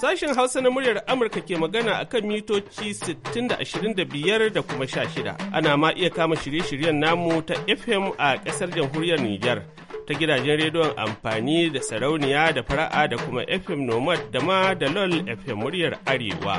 Sashen Hausa na muryar Amurka ke magana a kan mitoci 60 da kuma sha shida, Ana ma iya kama shirye-shiryen namu ta FM a ƙasar jamhuriyar Nijar ta gidajen rediyon amfani da sarauniya da fara'a da kuma FM Nomad da ma da LOL FM muryar Arewa.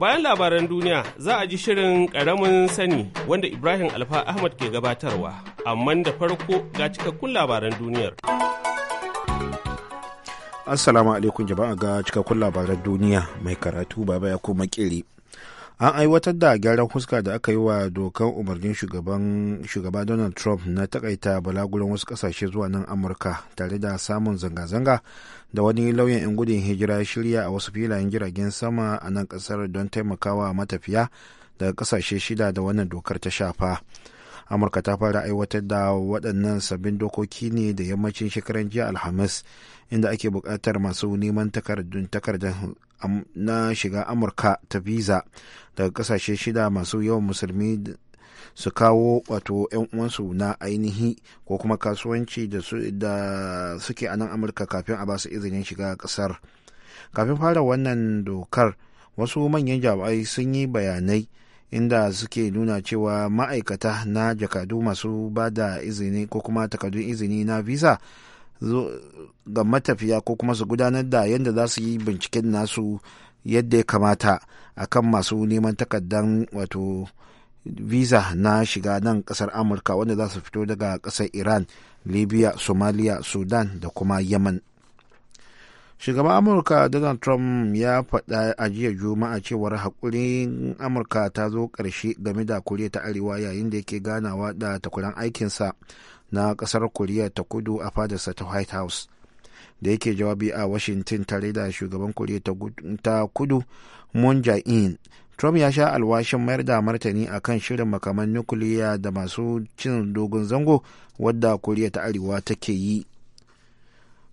Bayan labaran duniya za a ji shirin ƙaramin sani wanda Ibrahim Alfa Ahmad ke gabatarwa, amma da farko ga cikakkun labaran duniyar. Assalamu alaikum jama'a ga cikakkun labaran duniya mai karatu baba ya kuma kiri. an aiwatar da gyaran fuska da aka yi wa dokar umarnin shugaba donald trump na takaita balaguran wasu kasashe zuwa nan amurka tare da samun zanga-zanga da wani lauyan 'yan gudun hijira shirya a wasu filayen jiragen sama a nan kasar don taimakawa matafiya daga kasashe shida da wannan dokar ta shafa. amurka ta fara aiwatar da waɗannan sabbin dokoki ne da yammacin shekaran jiya alhamis inda ake buƙatar masu neman takardun takardar na shiga amurka ta visa daga ƙasashe shida masu yawan musulmi su kawo wato 'yan uwansu na ainihi ko kuma kasuwanci da suke a nan amurka kafin a basu izinin shiga ƙasar kafin fara wannan dokar wasu manyan jami'ai sun yi bayanai inda suke nuna cewa ma'aikata na jakadu masu ba da izini ko kuma takardun izini na visa ga matafiya ko kuma su gudanar da yadda za su yi binciken nasu yadda ya kamata a kan masu neman takardan wato visa na shiga nan kasar amurka wanda za su fito daga kasar iran libya somalia sudan da kuma yaman shugaban amurka donald trump ya faɗa a jiya juma'a cewar haƙurin amurka ta zo ƙarshe game da koriya ta arewa yayin da yake ganawa da takuran aikinsa na ƙasar koriya ta kudu a fadarsa ta white house da yake jawabi a washington tare da shugaban koriya ta kudu moon jae-in trump ya sha alwashin mayar da martani a kan shirin makaman nukiliya da masu cin dogon zango wadda koriya ta arewa take yi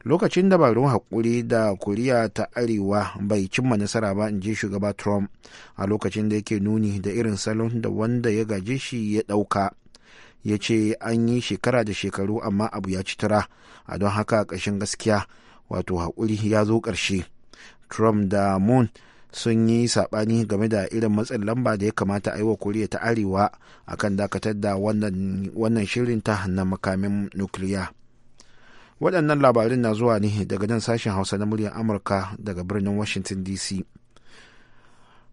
lokacin dabarun haƙuri da kuriya ta arewa bai cimma nasara ba in ji shugaba trump a lokacin da yake nuni da irin salon da wanda ya gaje shi ya ɗauka ya ce an yi shekara da shekaru amma abu ya ci tura a don haka ƙashin gaskiya wato haƙuri ya zo ƙarshe trump da moon sun yi saɓani game da irin matsin lamba da ya kamata a yi wa kuriya ta arewa akan dakatar da wannan shirin shirinta na makamin nukiliya. waɗannan labarin na zuwa ne daga nan sashen hausa na muryar amurka daga birnin washington dc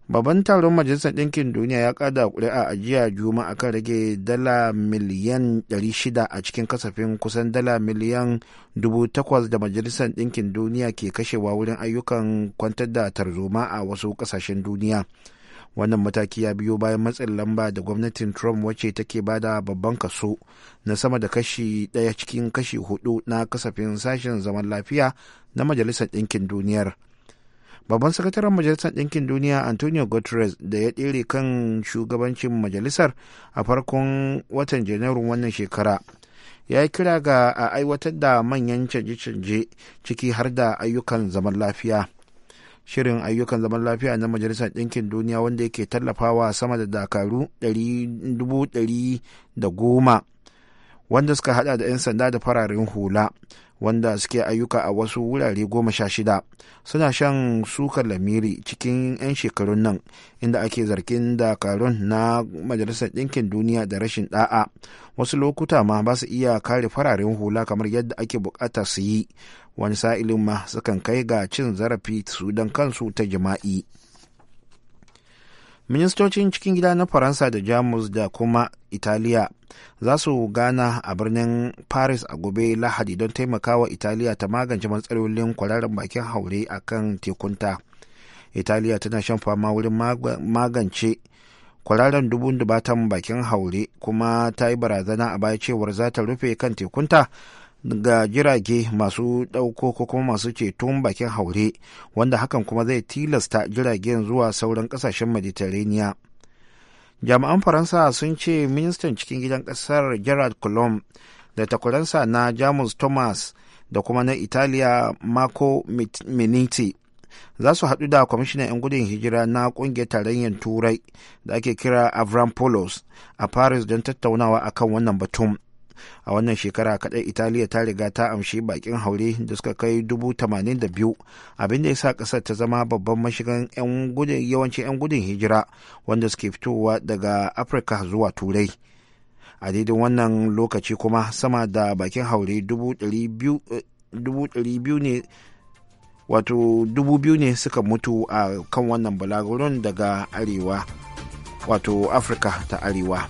babban taron majalisar ɗinkin duniya ya ƙada ƙuri'a a jiya juma'a kan rage dala miliyan 600 a cikin kasafin kusan dala miliyan 8,000 da majalisar ɗinkin duniya ke kashewa wurin ayyukan kwantar da tarzoma a wasu ƙasashen duniya. wannan mataki ya biyo bayan matsin lamba da gwamnatin trump wacce take bada babban kaso na sama da kashi daya cikin kashi hudu na kasafin sashen zaman lafiya na majalisar ɗinkin duniyar babban sakataren majalisar ɗinkin duniya antonio guterres da ya ɗere kan shugabancin majalisar a farkon watan janairun wannan shekara ya yi kira ga a aiwatar da manyan canje-canje ciki har da ayyukan zaman lafiya shirin ayyukan zaman lafiya na majalisar ɗinkin duniya wanda yake tallafawa sama da dakaru goma wanda suka hada da 'yan sanda da fararen hula wanda suke ayyuka a wasu wurare goma sha shida suna shan sukar lamiri cikin 'yan shekarun nan inda ake zargin dakarun na majalisar ɗinkin duniya da rashin ɗa'a wasu lokuta ma ba su iya kare fararen hula kamar yadda ake bukata su yi wani sa'ilin ma sukan kai ga cin zarafi su don kansu ta jima'i ministocin cikin gida na faransa da jamus da kuma italiya za su gana a birnin paris a gobe lahadi don taimakawa italiya ta magance matsalolin kwararren bakin haure a kan tekunta italiya tana shan fama wurin magance kwararren dubun dubatan bakin haure kuma ta yi barazana a baya cewar za ta rufe kan tekunta ga jirage masu ɗauko ko kuma masu ceton bakin haure wanda hakan kuma zai tilasta jiragen zuwa sauran ƙasashen mediterranean jami'an faransa sun ce ministan cikin gidan ƙasar gerard colomb da takwaransa na jamus thomas da kuma na italiya marco miniti za su haɗu da kwamishinan 'yan gudun hijira na ƙungiyar tarayyar turai da ake kira avrampolos a paris don tattaunawa akan wannan batun a wannan shekara kadai italiya ta riga ta amshi bakin haure da suka kai dubu tamanin da biyu abinda ya sa kasar ta zama babban mashigan yawancin 'yan gudun hijira wanda suke fitowa daga afirka zuwa turai a daidai wannan lokaci kuma sama da bakin haure dubu eh, ne wato dubu biyu ne suka mutu a kan wannan balagurun daga arewa wato afirka ta arewa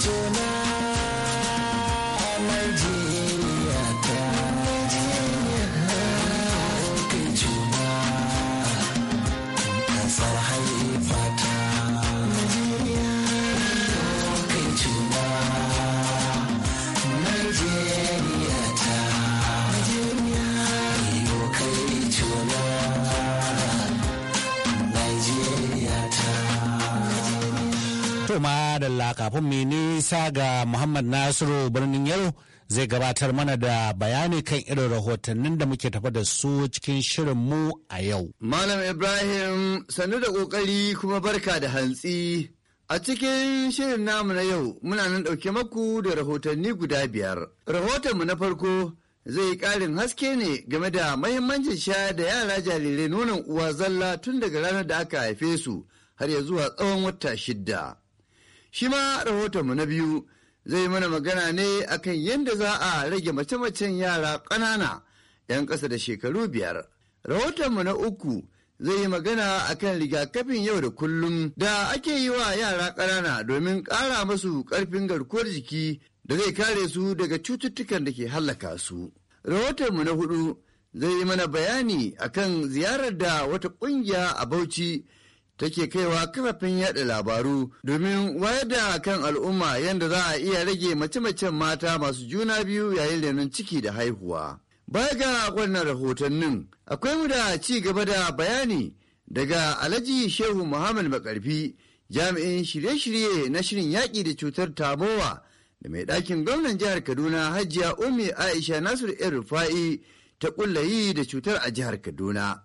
tonight To da lakafin mai nisa ga Muhammad Nasiru birnin yau, zai gabatar mana da bayani kan irin rahotannin da muke tafa da su cikin shirin mu a yau. Malam Ibrahim sannu da kokari kuma barka da hantsi. A cikin shirin namu na yau muna nan ɗauke maku da rahotanni guda biyar. Rahotonmu na farko zai ƙarin haske ne game da mahimmancin sha da yara jarirai nonon uwa zalla tun daga ranar da aka haife su har ya zuwa tsawon wata shidda. Shi ma rahotonmu na biyu zai mana magana ne akan yadda za a rage mace-macen yara ƙanana 'yan ƙasa da shekaru biyar. Rahotonmu na uku zai yi magana akan rigakafin yau da kullum da ake yi wa yara ƙanana domin ƙara masu ƙarfin garkuwar jiki da zai kare su daga cututtukan da ke hallaka su. Rahotonmu na hudu zai yi mana bayani akan ziyarar da wata ƙungiya a Bauchi take kaiwa kafafen yada labaru domin wayar da kan al'umma yadda za a iya rage mace-macen mata masu juna biyu yayin renon ciki da haihuwa. Baya ga wannan rahotannin akwai mu da ci gaba da bayani daga Alhaji Shehu Muhammad Makarfi jami'in shirye-shirye na shirin yaƙi da cutar tabowa da mai ɗakin gwamnan jihar Kaduna Hajiya Umi Aisha Nasiru El Rufa'i ta ƙulla yi da cutar a jihar Kaduna.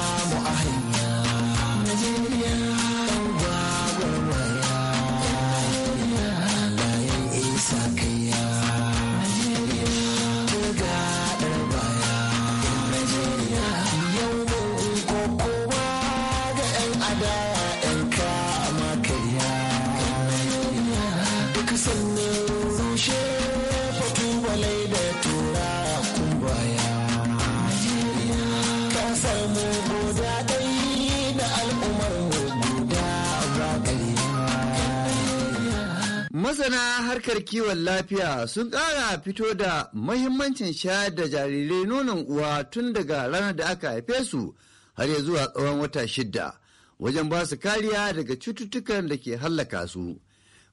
Masana harkar kiwon lafiya sun ƙara fito da mahimmancin shayar da jarirai nonon uwa tun daga ranar da aka haife su har ya zuwa tsawon wata shidda wajen ba su kariya daga cututtukan da ke hallaka su.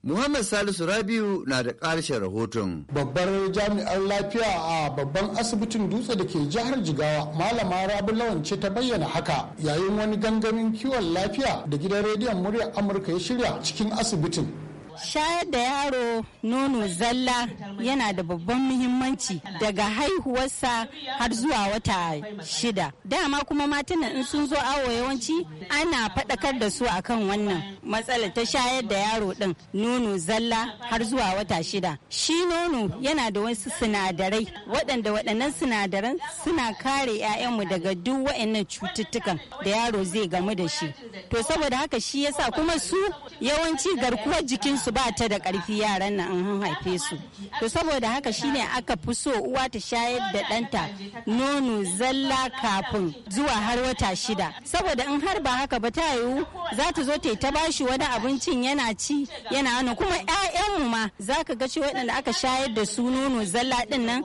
Muhammad Salisu Rabiu na da ƙarshen rahoton. Babbar jami'ar lafiya a babban asibitin dutse da ke jihar Jigawa, Malama Rabi lawance ce ta bayyana haka yayin wani gangamin kiwon lafiya da gidan rediyon murya Amurka ya shirya cikin asibitin. shayar da yaro nono zalla yana da babban muhimmanci daga haihuwarsa har zuwa wata shida dama kuma matan in sun zo awo yawanci ana faɗakar da su akan wannan matsalar ta shayar da yaro ɗin nono zalla har zuwa wata shida shi nono yana da wasu sinadarai waɗanda waɗannan sinadaran suna kare 'ya'yanmu daga duk waɗannan cututtukan da yaro zai gamu da shi to saboda haka shi yasa kuma su yawanci garkuwar jikinsu su ba ta da ƙarfi yaran nan an haife su to saboda haka shine aka fi so uwa ta shayar da ɗanta nono zalla kafin zuwa har wata shida saboda in har ba haka ba ta yiwu za ta zo ta yi ta bashi wani abincin yana ci yana hannu kuma 'ya'yanmu ma za ka ga shi waɗanda aka shayar da su nono zalla ɗin nan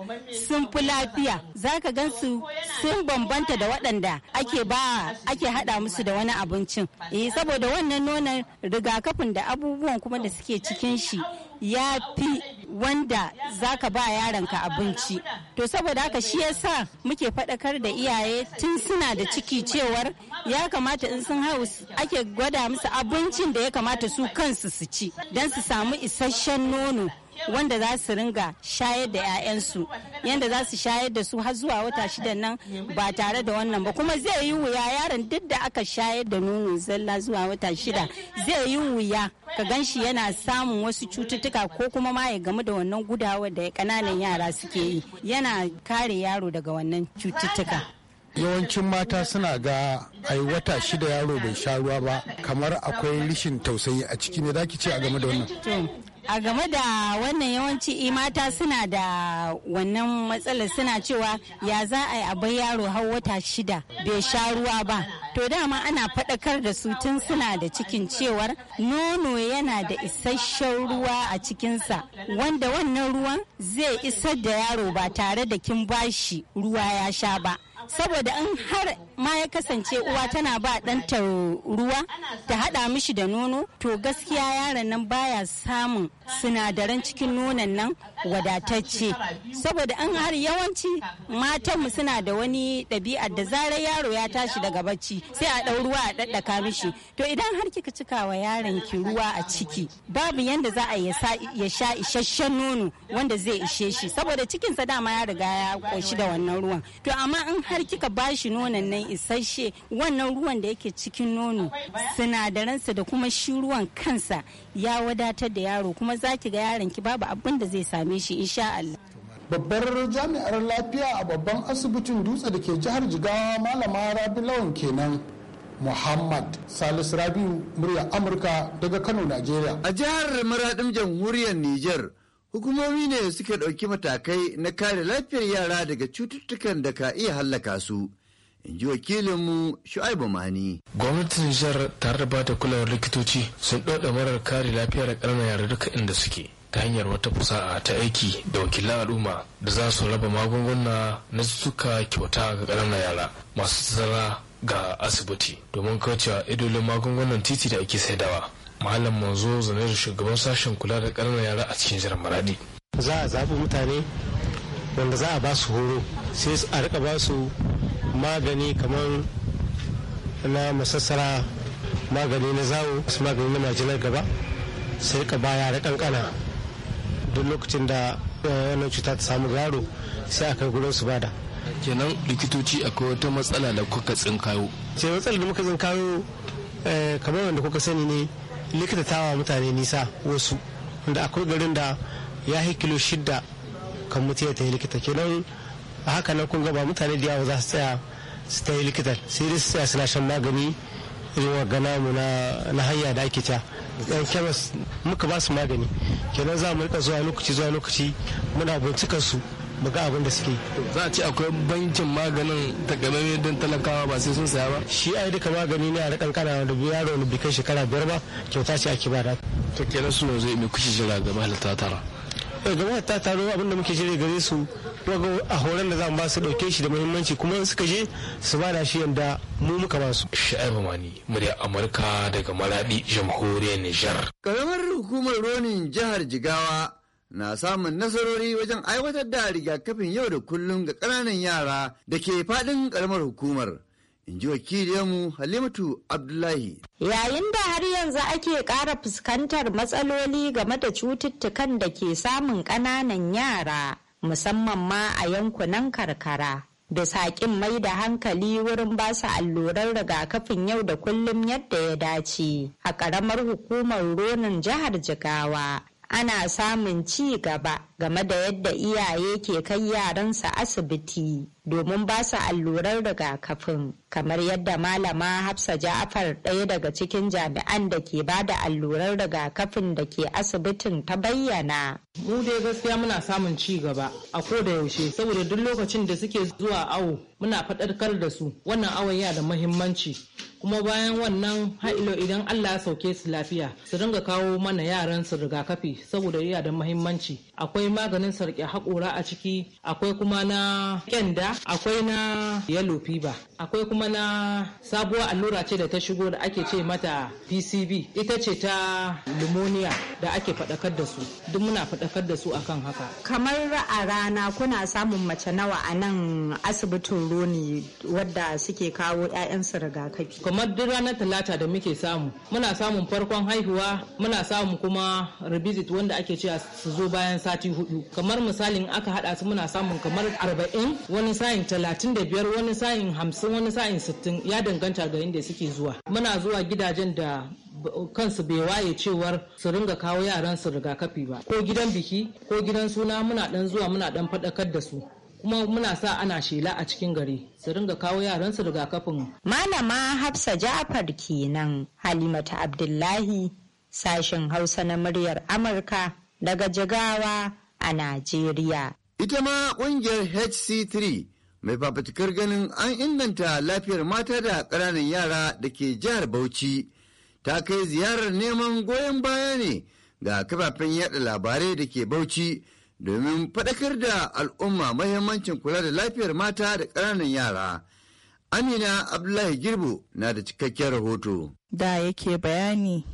sun fi lafiya za ka gan su sun bambanta da waɗanda ake ba ake haɗa musu da wani abincin eh saboda wannan nonon rigakafin da abubuwan kuma da suke ke cikin shi ya fi wanda zaka ba ba yaronka abinci to saboda haka shi yasa muke faɗakar da iyaye tun suna da ciki cewar ya kamata in sun hau ake gwada musu abincin da ya kamata su kansu su ci don su samu isasshen nono wanda za su ringa shayar da 'ya'yansu yadda za su shayar da su har zuwa wata shida nan ba tare da wannan ba kuma zai yi wuya yaron duk da aka shayar da nono zalla zuwa wata shida zai yi wuya ka gan shi yana samun wasu cututtuka ko kuma ma ya gamu da wannan gudawa da kananan yara suke yi yana kare yaro daga wannan cututtuka yawancin mata suna ga ai wata shida yaro bai sha ruwa ba kamar akwai rishin tausayi a ciki ne za ki ce a game da wannan a game da wannan yawanci eh, mata suna da wannan matsalar suna cewa ya za a yi abai yaro har wata shida bai sha ruwa ba to dama ana faɗakar da su tun suna da cikin cewar nono yana da isasshen ruwa a cikinsa wanda wannan ruwan zai isar da yaro ba tare da kin bashi ruwa ya sha ba saboda in har ma ya kasance uwa tana ba ɗanta ruwa ta haɗa mishi da nono to gaskiya yaron nan baya samun sinadaran cikin nonon nan wadatacce saboda an har yawanci matanmu suna da wani ɗabi'a da zarar yaro ya tashi daga bacci sai a ɗau ruwa a ɗaɗɗaka mishi to idan har kika cika wa yaron ki ruwa a ciki babu yanda za a ya sha isasshen nono wanda zai ishe shi saboda cikinsa dama ya riga ya ƙoshi da wannan ruwan to amma in har kika ba shi nonon nan isasshe wannan ruwan da yake cikin nono sinadaransa da kuma shi ruwan kansa ya wadatar da yaro kuma za ki ga yaron ki babu abin da zai same shi insha Allah. Babbar jami'ar lafiya a babban asibitin dutse da ke jihar Jigawa malama Rabi Lawan kenan. Muhammad Salisu Rabiu murya Amurka daga Kano, Najeriya. A jihar Maradin Jamhuriyar niger hukumomi ne suka ɗauki matakai na kare lafiyar yara daga cututtukan da ka iya hallaka su. in ji wakilinmu shu'aibu mani. gwamnatin jihar tare da bata kulawar likitoci sun ɗauɗa marar kare lafiyar ƙananan yara duka inda suke ta hanyar wata fasaha ta aiki da wakilan al'umma da za su raba magunguna na suka kyauta ga ƙananan yara masu tsara ga asibiti domin kaucewa idolin magungunan titi da ake saidawa malam manzo zane da shugaban sashen kula da ƙananan yara a cikin jihar maradi za a zaɓi mutane wanda za a ba su horo sai a rika ba su magani kamar na masassara magani na zawo su magani na majinar gaba sai ka baya da kankana duk lokacin da eh, wannan cuta ta samu garo sai aka kai su bada kenan likitoci akwai wata matsala da kuka tsinkayo ce matsala da muka tsinkayo eh, kamar wanda kuka sani ne likita tawa mutane nisa wasu da akwai garin da ya kilo shidda kan mutu ya ta yi likita kenan a haka nan kun ga ba mutane da yawa za su tsaya su ta yi likitan sai dai su tsaya suna shan magani irin wa gana mu na hanya da ake ta yan kemis muka ba su magani kenan za mu rika zuwa lokaci zuwa lokaci muna bincika su mu ga abin da suke za a ce akwai bankin maganin takamaimai don talakawa ba sai sun saya ba shi ai duka magani ne a da kankana da yaro ne bai kai shekara biyar ba kyauta ce ake da. ta kenan suna zai mai kushi jira ga mahalarta tara gwamnati ta taro abin da muke shirya gare su a horon da za mu ba su dauke shi da muhimmanci kuma in suka je su ba da shi yanda mu muka ba su. Sha'ibu Mani murya Amurka daga Maradi jamhuriyar Nijar. Karamar hukumar Ronin jihar Jigawa na samun nasarori wajen aiwatar da rigakafin yau da kullum ga ƙananan yara da ke faɗin karamar hukumar. in ji wakiliyarmu halimatu abdullahi yayin da har yanzu ake ƙara fuskantar matsaloli game da cututtukan da ke samun ƙananan yara musamman ma a yankunan karkara da saƙin mai da hankali wurin ba su alluran rigakafin yau da kullum yadda ya dace a ƙaramar hukumar ronin jihar jigawa ana samun ci gaba game da yadda iyaye ke kai yaransa asibiti domin ba su allurar rigakafin kamar yadda malama hafsa ja'afar ɗaya daga cikin jami'an da ke ba da allurar rigakafin da ke asibitin ta bayyana mu dai gaskiya muna samun ci gaba a ko da yaushe saboda duk lokacin da suke zuwa awo muna faɗarkar da su wannan awon yana da muhimmanci kuma bayan wannan ha'ilo idan Allah ya sauke su lafiya su dinga kawo mana yaran su rigakafi saboda yana da muhimmanci akwai maganin sarki haƙora a ciki akwai kuma na kyanda akwai na yellow fever akwai kuma na sabuwar allura ce da ta shigo da ake ce mata pcv ita ce ta pneumonia da ake faɗakar da su duk muna faɗakar da su akan haka kamar a rana kuna samun mace nawa a nan asibitin roni wadda suke kawo 'ya'yansu rigakafi kamar duk ranar talata da muke samu muna samun farkon haihuwa muna samun kuma revisit wanda ake ce su zo bayan sati hudu kamar misalin aka hada su muna samun kamar arba'in wani sa'in talatin wani sa'in hamsin wani sa'in sittin ya danganta ga inda suke zuwa muna zuwa gidajen da kansu bai waye cewar su ringa kawo yaran su rigakafi ba ko gidan biki ko gidan suna muna dan zuwa muna dan faɗakar da su kuma muna sa ana shela a cikin gari su ringa kawo yaran su rigakafin malama hafsa ja'far kenan halimata abdullahi sashen hausa na muryar amurka daga Jigawa a Najeriya. Ita ma ƙungiyar HC3 mai fafutukar ganin an inganta lafiyar mata da ƙananan yara da ke jihar Bauchi ta kai ziyarar neman goyon baya ne ga kafafen yaɗa labarai da ke Bauchi domin faɗakar da al'umma mahimmancin kula da lafiyar mata da ƙananan yara. Amina Abdullahi Girbu na da cikakkiyar rahoto. Da yake bayani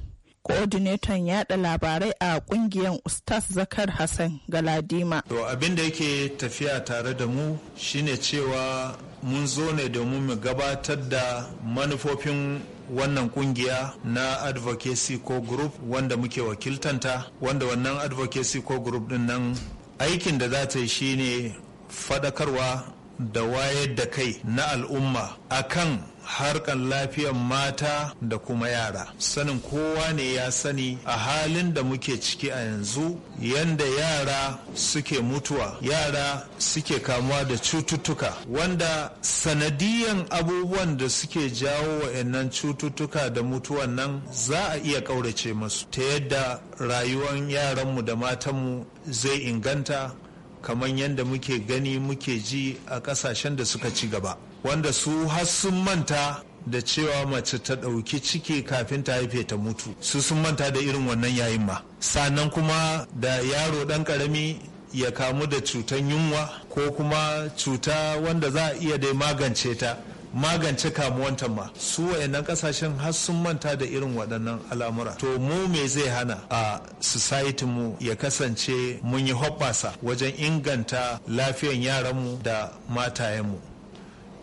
koordinator yada labarai a kungiyar Ustaz Zakar Hassan Galadima. To abin da yake tafiya tare da mu shine cewa mun zo ne domin mu gabatar da manufofin wannan kungiya na advocacy ko group wanda muke wakiltanta wanda wannan advocacy ko group din nan aikin da za ta yi shine fadakarwa da wayar da kai na al'umma akan harkan lafiyar mata da kuma yara sanin kowa ne ya sani a halin da muke ciki a yanzu yanda yara suke mutuwa yara suke kamuwa da cututtuka wanda sanadiyan abubuwan da suke jawo wa'annan cututtuka da mutuwan nan za a iya ƙaurace masu ta yadda rayuwar yaranmu da matanmu zai inganta kamar yadda muke gani muke ji a kasashen da suka ci gaba wanda su har sun manta da cewa mace ta ɗauki ciki kafin ta haife ta mutu su sun manta da irin wannan yayin ma sannan kuma da yaro ɗan ƙarami ya kamu da cutan yunwa ko kuma cuta wanda za a iya dai magance ta magance kamuwantan ma su wayannan kasashen har sun manta da irin waɗannan al'amura to mu me zai hana a society mu ya kasance mun yi hoɓɓasa wajen inganta lafiyan yaranmu da matayenmu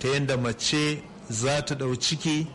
ta yadda mace za ta ɗau ciki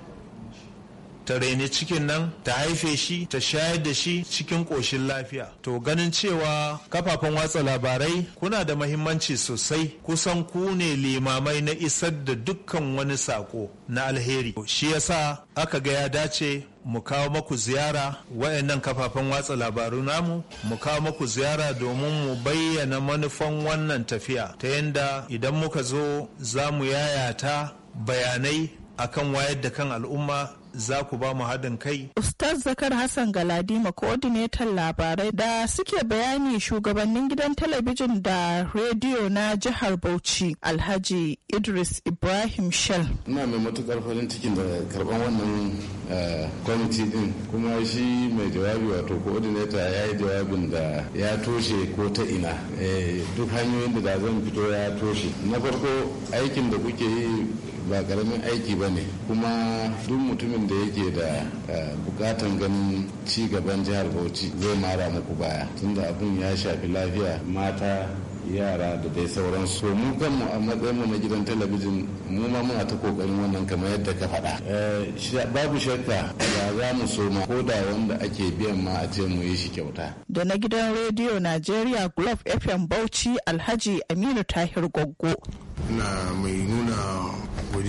ta raini cikin nan ta haife shi ta shayar da shi cikin ƙoshin lafiya to ganin cewa kafafen watsa labarai kuna da mahimmanci sosai kusan ku ne limamai na isar da dukkan wani sako na alheri shi yasa aka ga ya dace mu kawo maku ziyara wayannan kafafen watsa labaru namu mu kawo maku ziyara domin mu bayyana manufan wannan tafiya ta yadda idan muka zo za mu yayata bayanai akan wayar da kan al'umma za ku ba mu haɗin kai. Ustaz Zakar Hassan Galadima coordinator labarai da suke bayani shugabannin gidan talabijin da rediyo na jihar Bauchi Alhaji Idris Ibrahim Shell. Ina mai matukar farin cikin da karɓar wannan eh, kwamiti din kuma shi mai jawabi wato coordinator ya yi jawabin da ya toshe ko ta ina eh, duk hanyoyin da zan fito ya toshe. Na farko aikin da kuke yi ba karamin aiki ba ne kuma duk mutumin da yake da eh, bukatan ganin ci gaban jihar bauchi zai mara muku baya tunda abin ya shafi lafiya mata yara da dai sauran su mu kanmu a matsayinmu na gidan talabijin mu ma muna ta kokarin wannan kamar yadda ka faɗa eh, babu shakka ba za mu so ma ko da wanda ake biyan ma a ce mu yi shi kyauta da na gidan rediyo Najeriya Glove FM Bauchi Alhaji Aminu Tahir Goggo na mai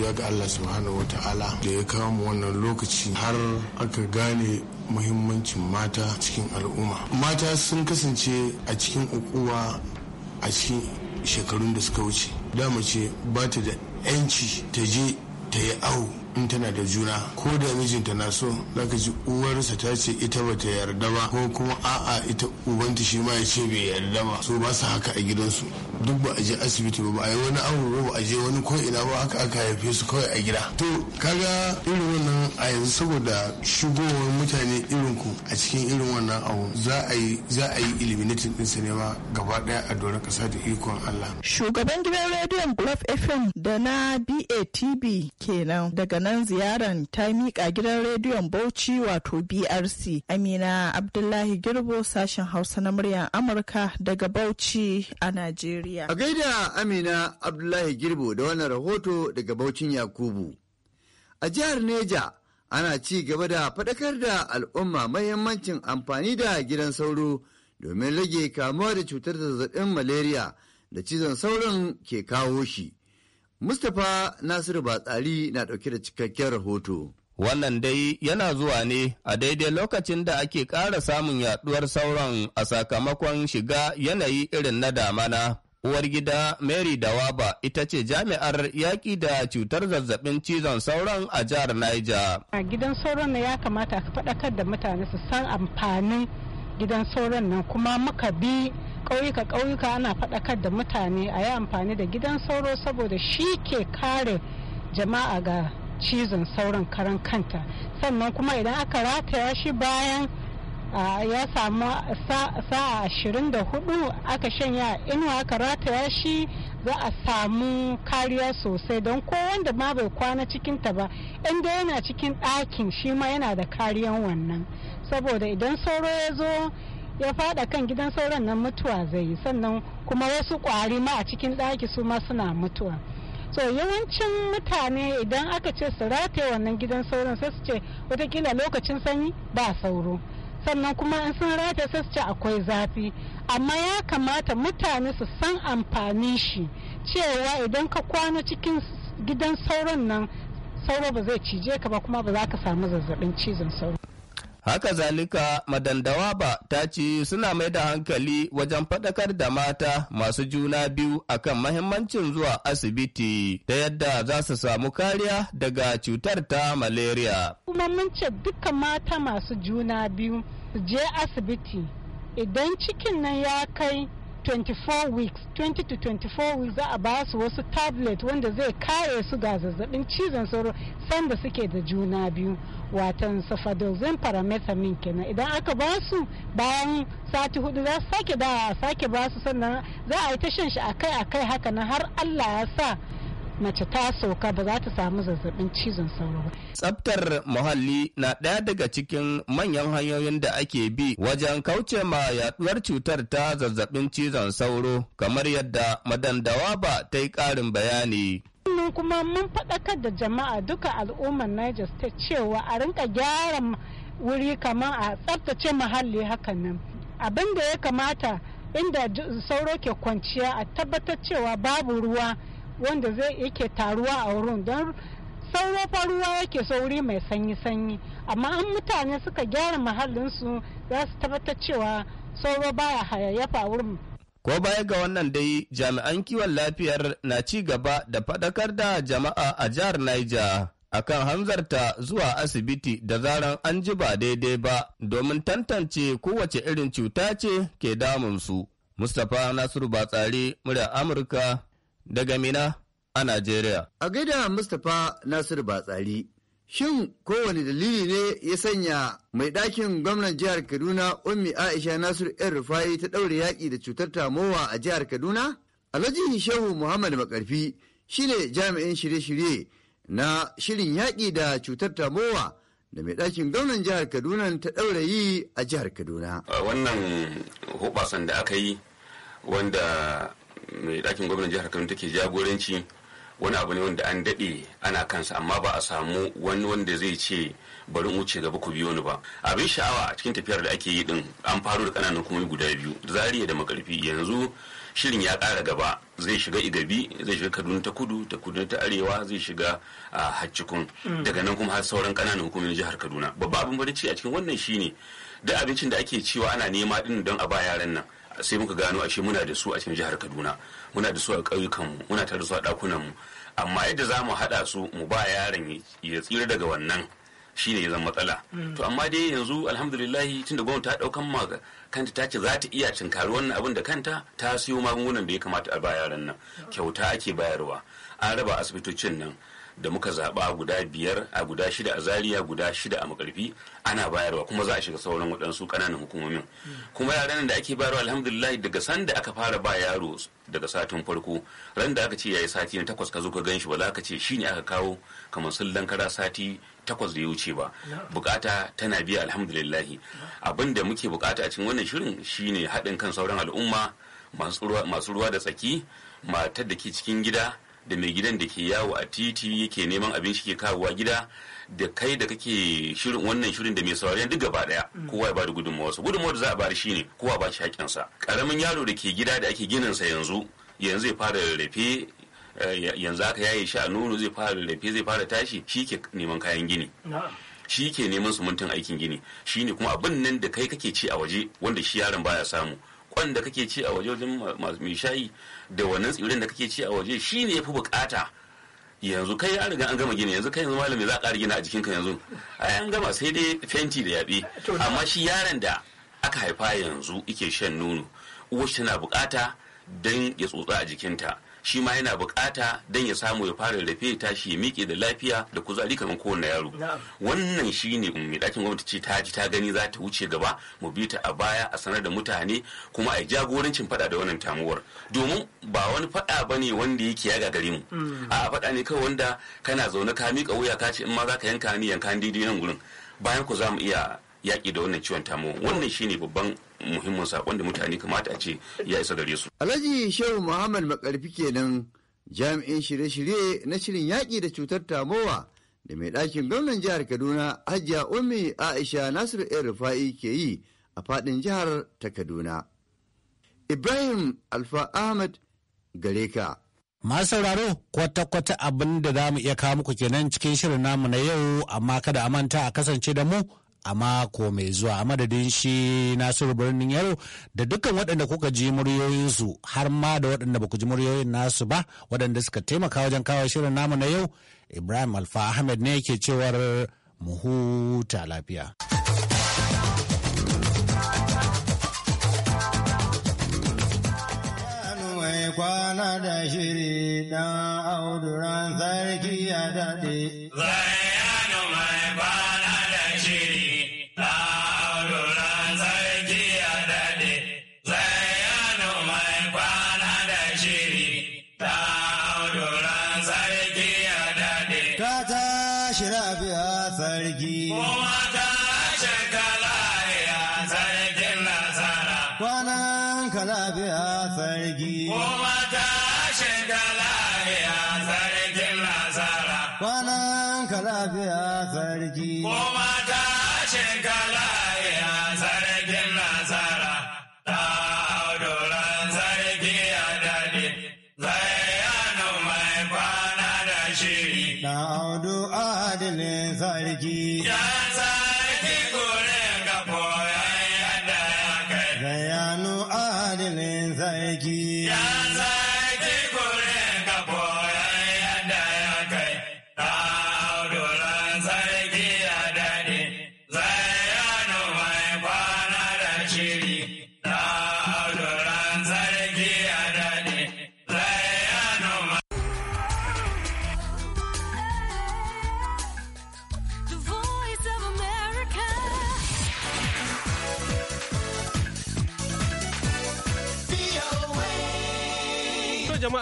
godiya ga Allah subhanahu wa ta'ala da ya kawo mu wannan lokaci har aka gane muhimmancin mata cikin al'umma mata sun kasance a cikin ukuwa a cikin shekarun da suka wuce da mace ba ta da 'yanci ta je ta yi awo in tana da juna ko da mijinta na so zaka ji uwarsa ta ce ita ba ta yarda ba ko kuma a'a ita ubanta shi ma ya ce bai yarda ba so ba su haka a gidansu duk ba a je asibiti ba ba a yi wani abu ba a je wani ko ina ba haka aka haife su kawai a gida to kaga irin wannan a yanzu saboda shigowar mutane irin ku a cikin irin wannan abu za a yi za a yi eliminating din ma gaba daya a doron kasa da ikon Allah shugaban gidan rediyon Bluff FM da na BATB kenan daga nan ziyaran ta mika gidan rediyon Bauchi wato BRC Amina Abdullahi Girbo sashen Hausa na muryar Amurka daga Bauchi a Najeriya Najeriya. A gaida Amina Abdullahi Girbo da wannan rahoto daga Bauchin Yakubu. A jihar Neja ana ci gaba da faɗakar da al'umma mahimmancin amfani da gidan sauro domin rage kamuwa da cutar zazzabin malaria da cizon sauron ke kawo shi. Mustapha Nasiru Batsari na ɗauke da cikakken rahoto. Wannan dai yana zuwa ne a daidai lokacin da ake ƙara samun yaɗuwar sauron a sakamakon shiga yanayi irin na damana. Uwar gida Mary Dawaba ita ce jami'ar yaƙi da cutar zazzabin cizon sauron a jihar Niger. A gidan sauron na ya kamata ka faɗakar da mutane su san amfanin gidan sauron nan kuma muka bi ƙauyuka ƙauyuka ana faɗakar da mutane a yi amfani da gidan sauro saboda shi ke kare jama'a ga cizon sauron karan kanta sannan kuma idan aka rataya shi bayan ya samu sa'a ashirin da hudu aka shanya inuwa aka rataya shi za a samu kariya sosai don kowanda wanda ma bai kwana cikinta ba inda yana cikin ɗakin shi ma yana da kariyan wannan saboda idan sauro ya zo ya fada kan gidan sauran nan mutuwa zai yi sannan kuma wasu kwari ma a cikin ɗaki su ma suna mutuwa so yawancin mutane idan aka ce su rataya wannan gidan sauran sai su ce watakila lokacin sanyi ba sauro sannan kuma in sun rata sai su ce akwai zafi amma ya kamata mutane su san amfani shi cewa idan ka kwana cikin gidan sauron nan sauro ba zai cije ka ba kuma ba za ka samu zazzabin cizon sauro Haka zalika Madandawaba ta ce suna mai da hankali wajen faɗakar da mata masu juna biyu akan mahimmancin zuwa asibiti ta yadda za su samu kariya daga cutar ta malaria. Kuma mun ce duka mata masu juna biyu je asibiti idan cikin nan ya kai 24 weeks 20 to 24 weeks za a ba su wasu tablet wanda zai kare su ga zazzabin cizon sauro sanda suke da juna biyu watan safadozin paramethamine kenan idan aka ba su bayan sati hudu za su sake da sake ba su sannan za a yi ta shan shi akai akai haka na har allah ya sa mace ta sauka ba za ta samu zazzabin cizon sauro ba. Tsaftar muhalli na ɗaya daga cikin manyan hanyoyin da ake bi wajen kauce ma yaduwar cutar ta zazzabin cizon sauro kamar yadda madandawa ba ta yi ƙarin bayani. mun kuma mun faɗakar da jama'a duka al'ummar Niger State cewa a rinka gyara wuri kamar a tsaftace muhalli hakan nan abinda ya kamata inda sauro ke kwanciya a tabbatar cewa babu ruwa wanda zai yake taruwa a wurin don sauro faruwa yake sauri mai sanyi-sanyi amma an mutane suka gyara mahallinsu za su tabbatar cewa sauro baya hayayyafa wurin ko baya ga wannan dai jami'an kiwon lafiyar na ci gaba da faɗakar da jama'a a jihar Niger akan hanzarta zuwa asibiti da zaran an ji ba daidai ba domin tantance kowace irin cuta ce ke damunsu. Mustapha Nasiru Batsari, murya Amurka daga Mina a Najeriya. A gaida Mustapha Nasiru Batsari, shin kowane dalili ne ya sanya mai ɗakin gwamnan jihar Kaduna Ummi Aisha Nasiru ‘yan Rufai ta ɗaure yaƙi da cutar tamowa a jihar Kaduna? Alhaji Shehu Muhammad Makarfi ne jami'in shirye-shirye na shirin yaƙi da cutar tamowa. da mai ɗakin gwamnan jihar kaduna ta ɗaura yi a jihar kaduna wannan hubasan da aka yi wanda mai ɗakin gwamnan jihar Kano take jagoranci wani abu ne wanda an daɗe ana kansa amma ba a samu wani wanda zai ce bari in wuce gaba ku biyo ni ba abin sha'awa a cikin tafiyar da ake yi din an faru da kananan kuma guda biyu zariya da makarfi yanzu shirin ya kara gaba zai shiga igabi zai shiga kaduna ta kudu ta kudu ta arewa zai shiga a haccikun mm. daga nan kuma har sauran kananan hukumomin jihar kaduna babban abin bari a cikin wannan shine da abincin da ake cewa ana nema din don a ba yaran nan sai muka gano ashe muna da su a cikin jihar kaduna muna da su a ƙauyukanmu muna tare da su a ɗakunanmu amma yadda za mu haɗa su mu ba yaron ya tsira daga wannan shine ya zama matsala mm. to amma dai yanzu tun da gwamnati ta ɗaukan ma kanta ta ce za ta iya cinkari wannan abin da kanta ta siyo magungunan da ya kamata a ba yaran nan mm. kyauta ake bayarwa an raba asibitocin nan da muka zaɓa guda biyar a guda shida a zaria guda shida a makarfi ana bayarwa kuma za a shiga sauran waɗansu ƙananan hukumomin kuma yaran da ake bayarwa alhamdulillah daga sanda aka fara ba yaro daga satin farko ran da aka ce yayi sati na takwas ka zo ka gan shi ba za ka ce shine aka kawo kamar sun lankara sati takwas da ya wuce ba bukata tana biya alhamdulillah abin da muke bukata a cikin wannan shirin shine haɗin kan sauran al'umma masu ruwa da tsaki matar da ke cikin gida da mai gidan da ke yawo a titi yake neman abin shi ke kawowa gida da kai da kake shirin wannan shirin da mai saurari duk gaba daya mm. kowa ya bada gudunmawa su gudunmawa da za a bada shine kowa ba shi hakin sa karamin yaro da ke gida da ake ginin sa yanzu yanzu ya fara rarrafe eh, yanzu aka yaye shi a nono zai fara rarrafe zai fara tashi shi ke neman kayan gini shi ke neman sumuntin aikin gini shi ne kuma abin nan da kai kake ci a waje wanda shi yaron baya samu kwan da kake ci a wajen mai shayi da wannan tsirin da kake ci a waje shine yafi bukata yanzu kai an riga an gama gini yanzu kai yanzu malami za a gina a jikinka yanzu ai an gama sai dai fenti da yaɓe amma shi yaron da aka haifa yanzu ike shan nono uwar tana bukata don ya tsotsa a jikinta shi ma yana bukata don ya samu ya fara lafiya ya tashi ya miƙe da lafiya da kuzari kamar kowane yaro wannan shine mai ɗakin gwamnati ce ta ji ta gani za ta wuce gaba mu bi ta a baya a sanar da mutane kuma a jagorancin faɗa da wannan tamuwar domin ba wani faɗa ba ne wanda yake ya gagare mu mm. a faɗa ne kawai wanda kana zaune ka miƙa wuya ka ce in ma za ka yanka ni yanka daidai nan gurin bayan ku za mu iya yaƙi da wannan ciwon tamu wannan shine babban muhimmin sakon da mutane kamata a ce ya isa gare su. Alhaji Shehu Muhammad Makarfi kenan jami'in shirye-shirye na shirin yaƙi da cutar tamowa da mai ɗakin gwamnan jihar Kaduna Hajiya Ummi Aisha Nasiru El Rufa'i ke yi a faɗin jihar ta Kaduna. Ibrahim Alfa Ahmad Gareka. Masu sauraro kwata-kwata abin da za mu iya kawo muku kenan cikin shirin namu na yau amma kada a manta a kasance da mu a mako mai zuwa a madadin shi nasiru birnin yaro da dukkan waɗanda kuka ji muryoyinsu har ma da waɗanda ba ku ji muryoyin nasu ba waɗanda suka taimaka wajen kawo shirin namu na yau ibrahim alfa ahmed ne yake cewar mu huta lafiya. kwana da shiri Dan auduran sarki ya daɗe. kira biya sarki. Kuma ta shekala ya sarkin nasara. Kwanan kala lafiya sarki. Kuma ta shekala ya sarkin nasara. Kwanan kala lafiya sarki. Kuma